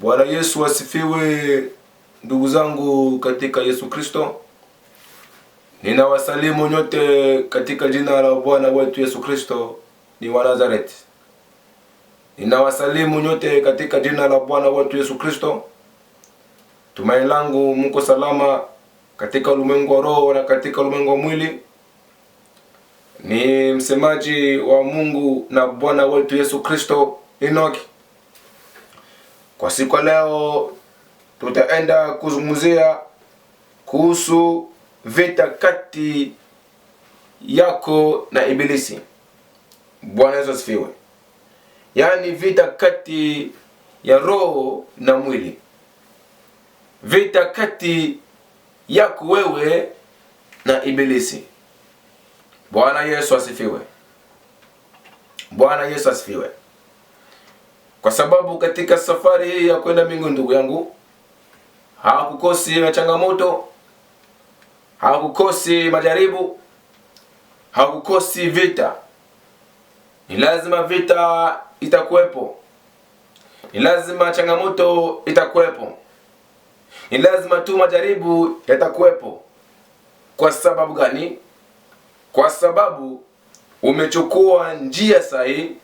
Bwana Yesu asifiwe, ndugu zangu katika Yesu Kristo. Ninawasalimu nyote katika jina la Bwana wetu Yesu Kristo ni wa Nazareti. Ninawasalimu nyote katika jina la Bwana wetu Yesu Kristo. Tumaini langu mko salama katika ulimwengu wa roho na katika ulimwengu wa mwili. Ni msemaji wa Mungu na Bwana wetu Yesu Kristo Enoki. Kwa siku leo tutaenda kuzungumzia kuhusu vita kati yako na Ibilisi. Bwana Yesu asifiwe. Yaani vita kati ya roho na mwili, vita kati yako wewe na Ibilisi. Bwana Yesu asifiwe. Bwana Yesu asifiwe kwa sababu katika safari hii ya kwenda mbinguni, ndugu yangu, hakukosi na changamoto, hakukosi majaribu, hakukosi vita. Ni lazima vita itakuwepo, ni lazima changamoto itakuwepo, ni lazima tu majaribu yatakuwepo. Kwa sababu gani? Kwa sababu umechukua njia sahihi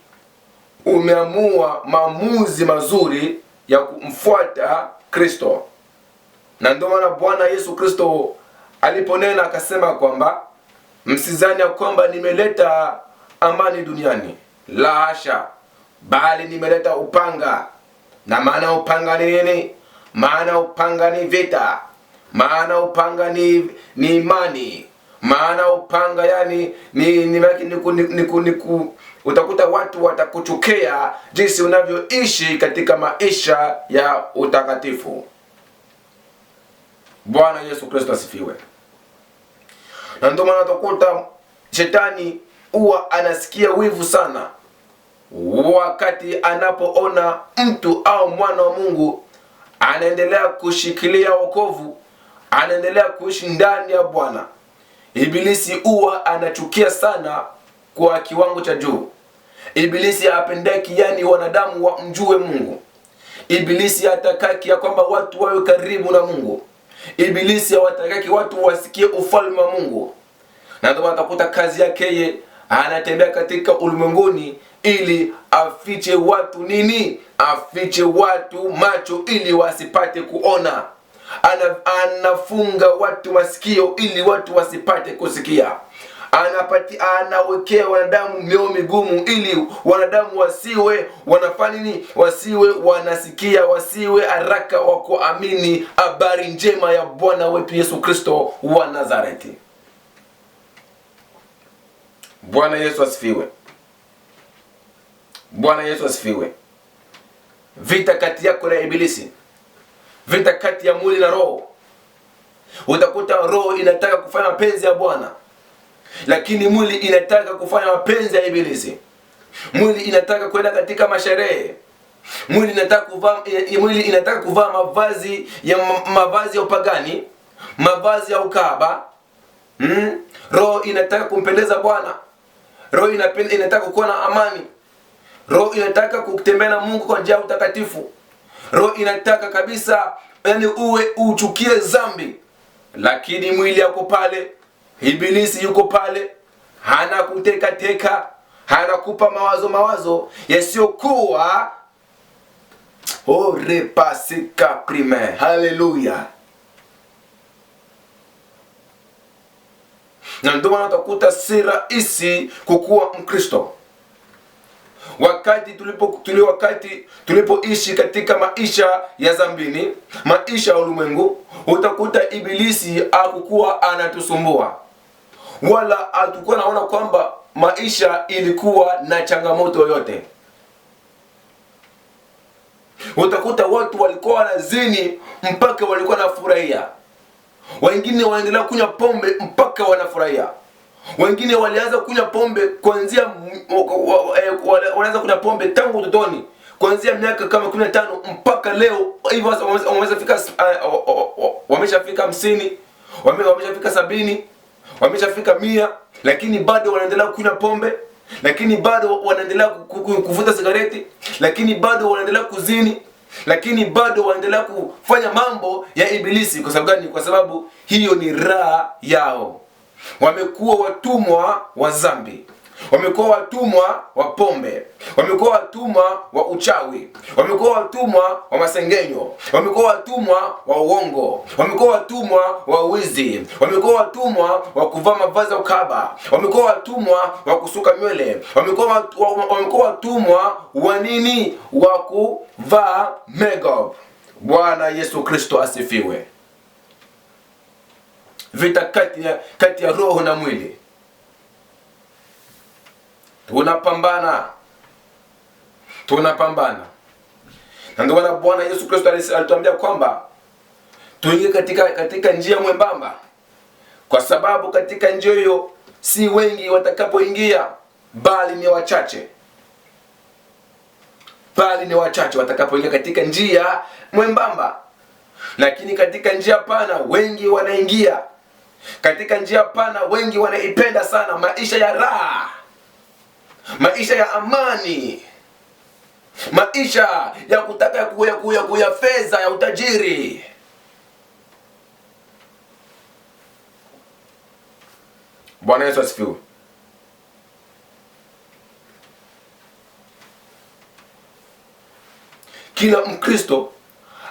umeamua maamuzi mazuri ya kumfuata Kristo, na ndio maana Bwana Yesu Kristo aliponena akasema kwamba msizani ya kwamba nimeleta amani duniani, la hasha, bali nimeleta upanga. Na maana upanga ni nini? Maana upanga ni vita, maana upanga ni, ni imani, maana upanga yani ni, ni, ni, ni, ni, ni, ni, ni, utakuta watu watakuchukia jinsi unavyoishi katika maisha ya utakatifu. Bwana Yesu Kristo asifiwe. Na ndio maana utakuta shetani huwa anasikia wivu sana wakati anapoona mtu au mwana wa Mungu anaendelea kushikilia wokovu, anaendelea kuishi ndani ya Bwana. Ibilisi huwa anachukia sana kwa kiwango cha juu. Ibilisi hapendeki, yani wanadamu wamjue Mungu. Ibilisi hatakaki ya kwamba watu wawe karibu na Mungu. Ibilisi hawatakaki watu wasikie ufalme wa Mungu, na ndio atakuta kazi yake yeye anatembea katika ulimwenguni ili afiche watu nini? Afiche watu macho ili wasipate kuona. Ana, anafunga watu masikio ili watu wasipate kusikia anapati anawekea wanadamu mioyo migumu ili wanadamu wasiwe wanafanya nini? Wasiwe wanasikia, wasiwe haraka wa kuamini habari njema ya Bwana wetu Yesu Kristo wa Nazareti. Bwana Yesu asifiwe. Bwana Yesu asifiwe. Vita kati yako na Ibilisi, vita kati ya mwili na roho. Utakuta roho inataka kufanya mapenzi ya Bwana lakini mwili inataka kufanya mapenzi ya Ibilisi. Mwili inataka kwenda katika masherehe mwili inataka kuvaa eh, eh, mwili inataka kuvaa mavazi ya mavazi ya upagani, mavazi ya ukaba mm? Roho inataka kumpendeza Bwana, roho inataka kuwa na amani, roho inataka kutembea na Mungu kwa njia ya utakatifu, roho inataka kabisa, yani uwe uchukie dhambi, lakini mwili yako pale Ibilisi yuko pale, hana kuteka teka, hanakupa mawazo mawazo yasiyokuwa orepasika prime. Haleluya! na ndio maana utakuta si rahisi kukuwa Mkristo wakati tulipo tuli wakati tulipoishi katika maisha ya zambini, maisha ya ulimwengu, utakuta ibilisi akukuwa anatusumbua wala hatukuwa naona kwamba maisha ilikuwa na changamoto yoyote. Utakuta watu walikuwa wanazini mpaka walikuwa furahia wengine waendelea kunywa pombe mpaka wanafurahia, wengine walianza kunywa pombe kuanzia wanaanza eh, kunywa pombe tangu utotoni kuanzia miaka kama 15 mpaka leo hivyo eh, wameshafika hamsini, wameshafika sabini wameshafika mia, lakini bado wanaendelea kunywa pombe, lakini bado wanaendelea kuvuta sigareti, lakini bado wanaendelea kuzini, lakini bado wanaendelea kufanya mambo ya Ibilisi. Kwa sababu gani? Kwa sababu hiyo ni raha yao, wamekuwa watumwa wa dhambi wamekuwa watumwa wa pombe, wamekuwa watumwa wa uchawi, wamekuwa watumwa wa masengenyo, wamekuwa watumwa wa uongo, wamekuwa watumwa wa wizi, wamekuwa watumwa wa kuvaa mavazi ya ukaba, wamekuwa watumwa wa kusuka nywele, wamekuwa watumwa wa nini? Wa kuvaa makeup. Bwana Yesu Kristo asifiwe. Vita kati ya kati ya roho na mwili tunapambana, tunapambana. Na ndio maana Bwana Yesu Kristo alituambia kwamba tuingie katika, katika njia mwembamba, kwa sababu katika njia hiyo si wengi watakapoingia, bali ni wachache bali ni wachache watakapoingia katika njia mwembamba. Lakini katika njia pana wengi wanaingia, katika njia pana wengi wanaipenda sana maisha ya raha maisha ya amani, maisha ya kutaka kuya kuya kuya fedha ya utajiri. Bwana Yesu asifiwe. Kila Mkristo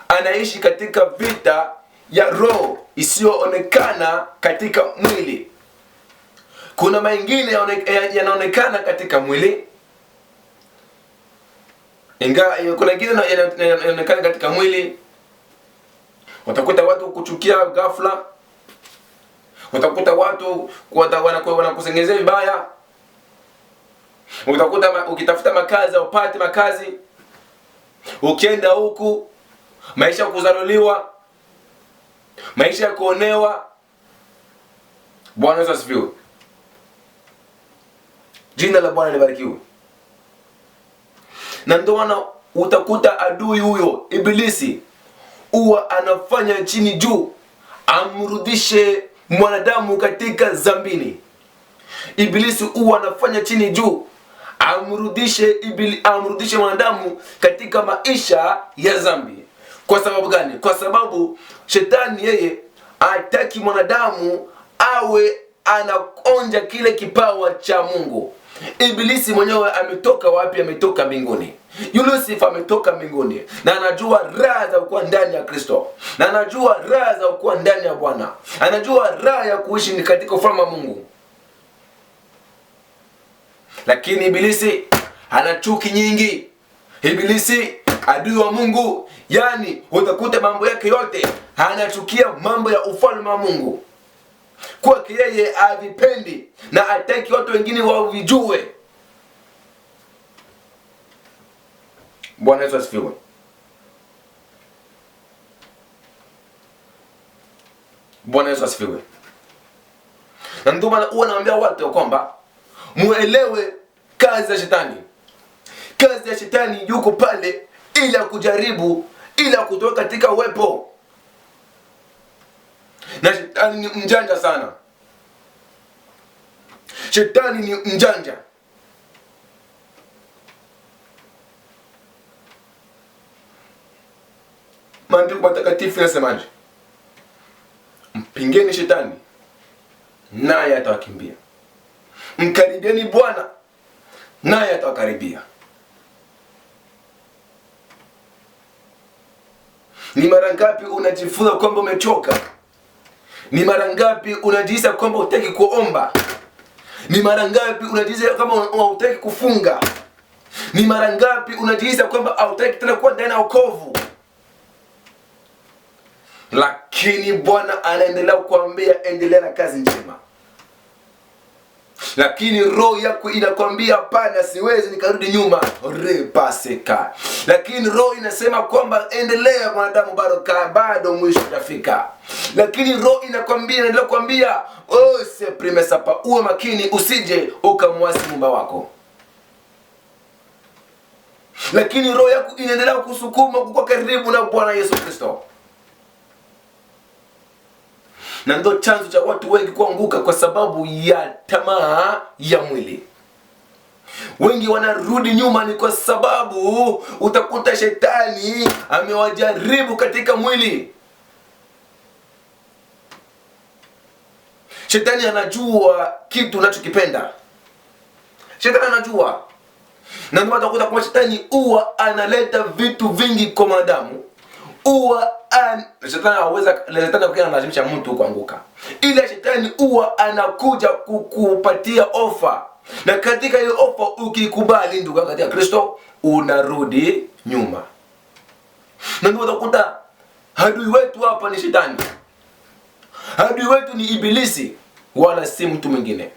anaishi katika vita ya roho isiyoonekana katika mwili. Kuna mengine yanaonekana katika mwili, ingawa eh, kuna mengine yanaonekana katika mwili. Utakuta watu kuchukia ghafla, utakuta watu wanakusengezea vibaya, utakuta ukitafuta makazi upate makazi, ukienda huku maisha ya kuzaruliwa, maisha ya kuonewa. Bwana Yesu asifiwe. Jina la Bwana libarikiwe. Na ndio maana utakuta adui huyo Ibilisi huwa anafanya chini juu amrudishe mwanadamu katika zambini. Ibilisi huwa anafanya chini juu amrudishe ibili, amrudishe mwanadamu katika maisha ya zambi. Kwa sababu gani? Kwa sababu shetani yeye hataki mwanadamu awe anakonja kile kipawa cha Mungu. Ibilisi mwenyewe ametoka wapi? Ametoka mbinguni. Yusufu ametoka mbinguni na anajua raha za kuwa ndani ya Kristo, na anajua raha za kuwa ndani ya Bwana, anajua raha ya kuishi ni katika ufalme wa Mungu. Lakini Ibilisi ana chuki nyingi. Ibilisi adui wa Mungu, yani utakuta mambo yake yote anachukia mambo ya ufalme wa Mungu kwake yeye avipendi na ataki watu wengine wavijue. Bwana Yesu asifiwe. Bwana Yesu asifiwe. Na ndio maana huwa naambia watu kwamba muelewe kazi ya shetani. Kazi ya shetani yuko pale ili akujaribu, ili akutoe katika uwepo na shetani ni mjanja sana. Shetani ni mjanja. Maandiko matakatifu yanasemaje? Mpingeni shetani naye atawakimbia, mkaribieni Bwana naye atawakaribia. Ni mara ngapi unajifunza kwamba umechoka ni mara ngapi unajiisa kwamba hutaki kuomba? Ni mara ngapi unajiisa kama hutaki kufunga? Ni mara ngapi unajiisa kwamba hautaki tena kuwa ndani ya wokovu? Lakini Bwana anaendelea kukuambia endelea na kazi njema lakini roho yako inakwambia hapana, siwezi nikarudi nyuma, repaseka. Lakini roho inasema kwamba endelea mwanadamu, baraka bado mwisho utafika. Lakini roho inakwambia, kuambia kukwambia oh, seprimesapa, uwe makini, usije ukamwasi mumba wako lakini roho yako inaendelea kusukuma kukua karibu na Bwana Yesu Kristo na ndo chanzo cha watu wengi kuanguka kwa sababu ya tamaa ya mwili. Wengi wanarudi nyuma ni kwa sababu utakuta shetani amewajaribu katika mwili. Shetani anajua kitu unachokipenda, shetani anajua, na ndio utakuta kwa shetani huwa analeta vitu vingi kwa mwanadamu huwa shetani anaweza shetani mtu kuanguka, ila shetani huwa anakuja kukupatia ofa, na katika hiyo ofa ukikubali, ndugu yangu katika Kristo, unarudi nyuma, na ndio utakuta adui wetu hapa ni shetani, adui wetu ni Ibilisi, wala si mtu mwingine.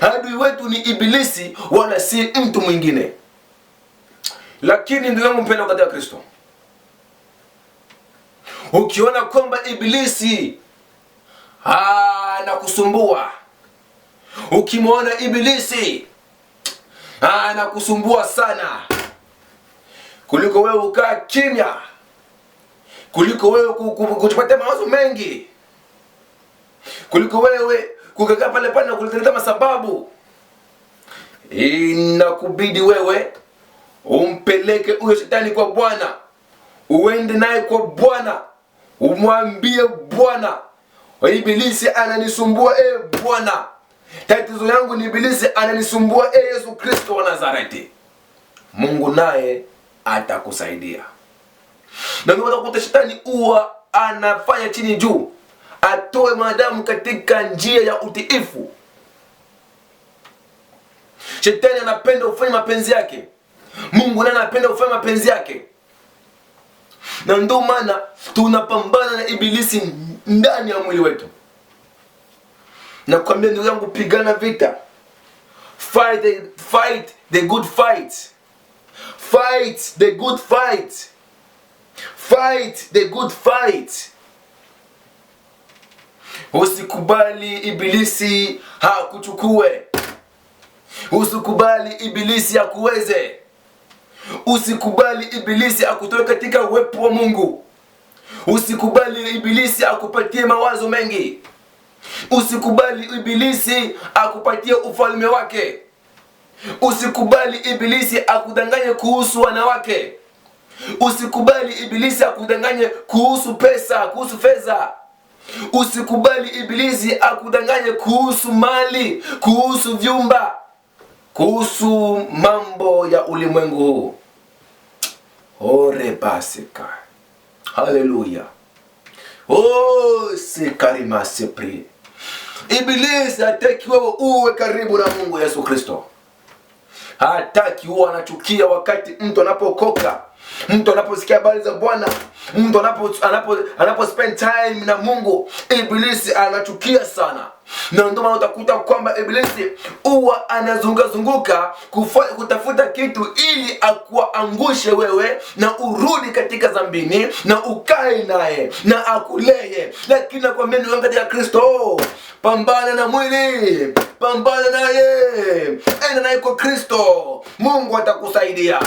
Adui wetu ni Ibilisi, wala si mtu mwingine. Lakini ndugu yangu mpendwa katika Kristo Ukiona kwamba Ibilisi anakusumbua, ukimwona Ibilisi anakusumbua sana, kuliko wewe ukaa kimya, kuliko wewe kutupatia mawazo mengi, kuliko wewe kukakaa pale pale na kuleta masababu, inakubidi wewe umpeleke huyo shetani kwa Bwana, uende naye kwa Bwana umwambie Bwana, ibilisi ananisumbua e Bwana, tatizo yangu ni ibilisi ananisumbua e Yesu Kristo wa Nazareti. Mungu naye atakusaidia. Na ndio utakuta shetani huwa anafanya chini juu, atoe mwanadamu katika njia ya utiifu. Shetani anapenda ufanye mapenzi yake, Mungu naye anapenda ufanye mapenzi yake na ndo maana tunapambana na ibilisi ndani ya mwili wetu. Nakwambia ndugu yangu, pigana vita, fight the, fight the good fight, fight the good fight, fight the good fight. Usikubali ibilisi hakuchukue, usikubali ibilisi hakuweze. Usikubali ibilisi akutoe katika uwepo wa Mungu. Usikubali ibilisi akupatie mawazo mengi. Usikubali ibilisi akupatie ufalme wake. Usikubali ibilisi akudanganye kuhusu wanawake. Usikubali ibilisi akudanganye kuhusu pesa, kuhusu fedha. Usikubali ibilisi akudanganye kuhusu mali, kuhusu vyumba, kuhusu mambo ya ulimwengu huu orebaseka haleluya o oh, sikarimasepri ibilisi hataki wewe uwe karibu na mungu yesu kristo hataki huwa anachukia wakati mtu anapokoka Mtu anaposikia habari za Bwana, mtu anapo anapo anapo spend time na Mungu, Ibilisi anachukia sana, na ndio maana utakuta kwamba Ibilisi huwa anazungazunguka kutafuta kitu ili akuangushe wewe na urudi katika zambini na ukae naye na akulee. Lakini nakwambia ni katika Kristo, pambana na mwili, pambana naye, enda naye kwa Kristo, Mungu atakusaidia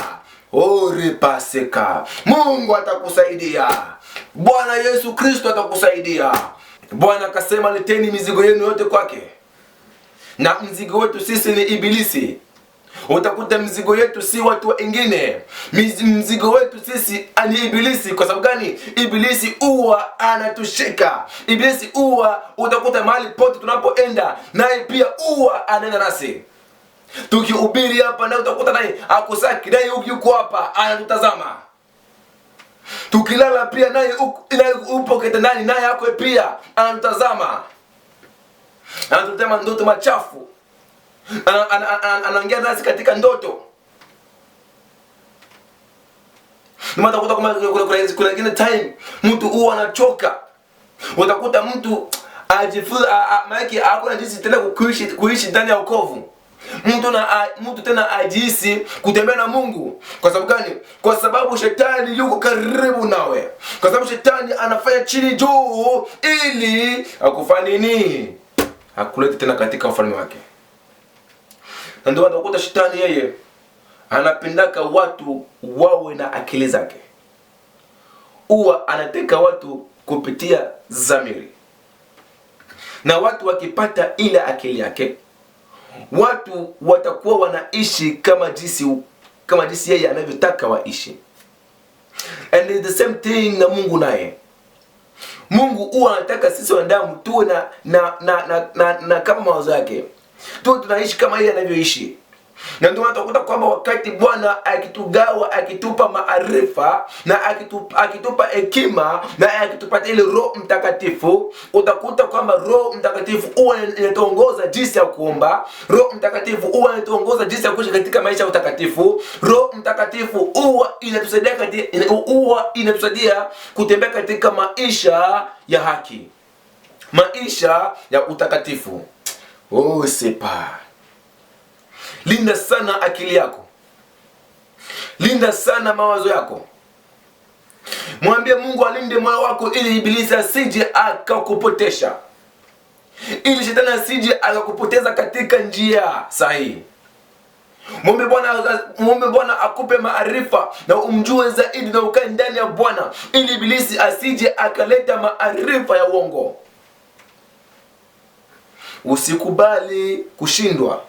oripaseka. Mungu atakusaidia, Bwana Yesu Kristo atakusaidia. Bwana akasema leteni mizigo yenu yote kwake, na mzigo wetu sisi ni Ibilisi. Utakuta mzigo yetu si watu wengine, mzigo wetu sisi ni Ibilisi. Kwa sababu gani? Ibilisi huwa anatushika, Ibilisi huwa utakuta mahali pote tunapoenda, naye pia huwa anaenda nasi tukihubiri hapa na utakuta naye akusaki naye yuko hapa anatutazama tukilala pia naye upo kitandani naye akwe pia anatutazama anatutema ndoto machafu anaongea nasi katika ndoto kama kuna, kuna, kuna, kuna time mtu huwa anachoka utakuta mtu ajifu maake hakuna jinsi tena kuishi kuishi ndani ya ukovu mtu na mtu tena ajisi kutembea na Mungu. Kwa sababu gani? Kwa sababu shetani yuko karibu nawe, kwa sababu shetani anafanya chini juu ili akufanye nini? Akulete tena katika ufalme wake. Na ndio utakuta shetani yeye anapendaka watu wawe na akili zake, huwa anateka watu kupitia zamiri, na watu wakipata ile akili yake watu watakuwa wanaishi kama jinsi kama jinsi yeye anavyotaka waishi. And the same thing na Mungu naye. Mungu huwa anataka sisi wanadamu tuwe na na, na, na, na, na kama mawazo yake, tuwe tunaishi kama yeye anavyoishi na ndio tunakuta kwamba wakati Bwana akitugawa akitupa maarifa na akitupa hekima na akitupatia ile Roho Mtakatifu, utakuta kwamba Roho Mtakatifu huwa inatuongoza jinsi ya kuomba. Roho Mtakatifu huwa inatuongoza jinsi ya kuishi katika maisha ya utakatifu. Roho Mtakatifu huwa inatusaidia katika huwa inatusaidia kutembea katika maisha ya haki, maisha ya utakatifu. Oh, Linda sana akili yako, linda sana mawazo yako. Mwambie Mungu alinde moyo wako, ili Ibilisi asije akakupotesha, ili shetani asije akakupoteza katika njia sahihi. Mwombe Bwana, mwombe Bwana akupe maarifa na umjue zaidi na ukae ndani ya Bwana, ili Ibilisi asije akaleta maarifa ya uongo. Usikubali kushindwa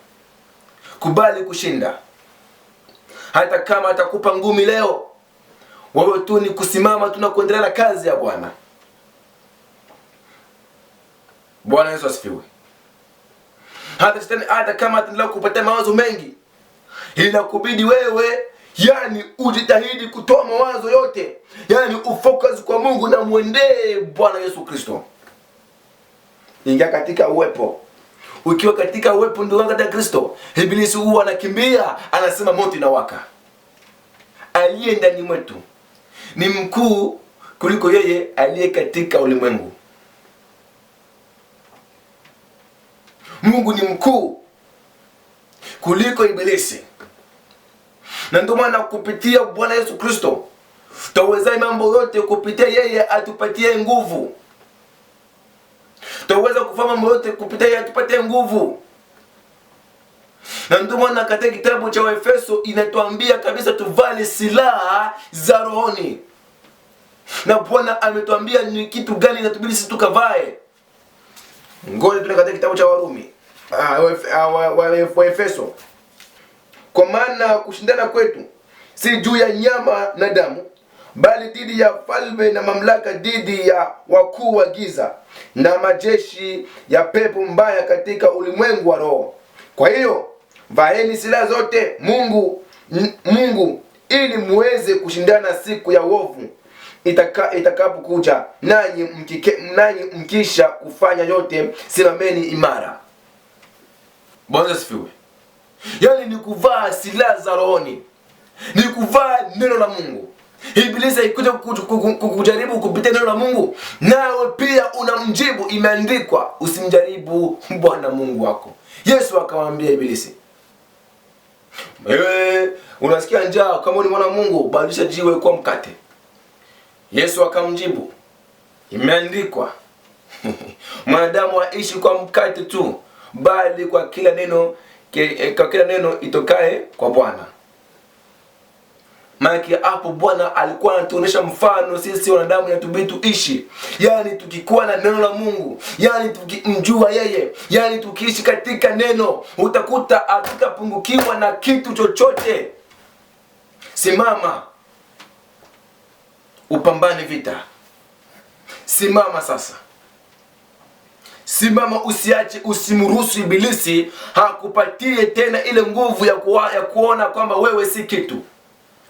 kubali kushinda. Hata kama atakupa ngumi leo, wewe tu ni kusimama tu na kuendelea na kazi ya Bwana. Bwana Yesu asifiwe. Hata shetani, hata kama ataendelea kupatia mawazo mengi, inakubidi wewe yani ujitahidi kutoa mawazo yote, yani ufocus kwa Mungu na muendee Bwana Yesu Kristo. Ingia katika uwepo ukiwa katika uwepo ndio wangu katika Kristo, Ibilisi huwa anakimbia, anasema moto inawaka. Aliye ndani mwetu ni mkuu kuliko yeye aliye katika ulimwengu. Mungu ni mkuu kuliko Ibilisi, na ndio maana kupitia Bwana Yesu Kristo taweza mambo yote, kupitia yeye atupatie nguvu tutaweza kufanya mambo yote kupitia yeye atupatie nguvu. Na ndio maana katika kitabu cha Waefeso inatuambia kabisa tuvale silaha za rohoni, na Bwana ametuambia ni kitu gani inatubidi sisi tukavae. Ngoja tuna katika kitabu cha Warumi ah, ah, Waefeso, kwa maana kushindana kwetu si juu ya nyama na damu bali dhidi ya falme na mamlaka, dhidi ya wakuu wa giza na majeshi ya pepo mbaya katika ulimwengu wa roho. Kwa hiyo vaeni silaha zote Mungu Mungu ili muweze kushindana siku ya uovu itakapokuja, nanyi nanyi mkisha kufanya yote, simameni imara. Bwana asifiwe. Yaani ni kuvaa silaha za rohoni, ni kuvaa neno la Mungu Ibilisi ikuja kukujaribu kupitia neno la Mungu, nawe pia unamjibu. Imeandikwa, usimjaribu Bwana Mungu wako. Yesu akamwambia Ibilisi, wewe unasikia njaa, kama ni mwana Mungu badilisha jiwe kuwa mkate. Yesu akamjibu, imeandikwa mwanadamu aishi kwa mkate tu, bali kwa kila neno, kwa kila neno itokae kwa Bwana. Maanake hapo Bwana alikuwa anatuonesha mfano sisi wanadamu inatubidi tuishi, yaani tukikuwa na neno la Mungu, yaani tukimjua yeye, yaani tukiishi katika neno, utakuta hatutapungukiwa na kitu chochote. Simama upambane vita, simama sasa, simama, usiache, usimruhusu Ibilisi hakupatie tena ile nguvu ya, kuwa, ya kuona kwamba wewe si kitu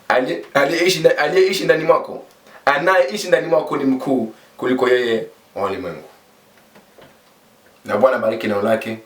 aliyeishi ndani mwako, anayeishi ndani mwako ni mkuu kuliko yeye wa ulimwengu. Na Bwana bariki neno lake.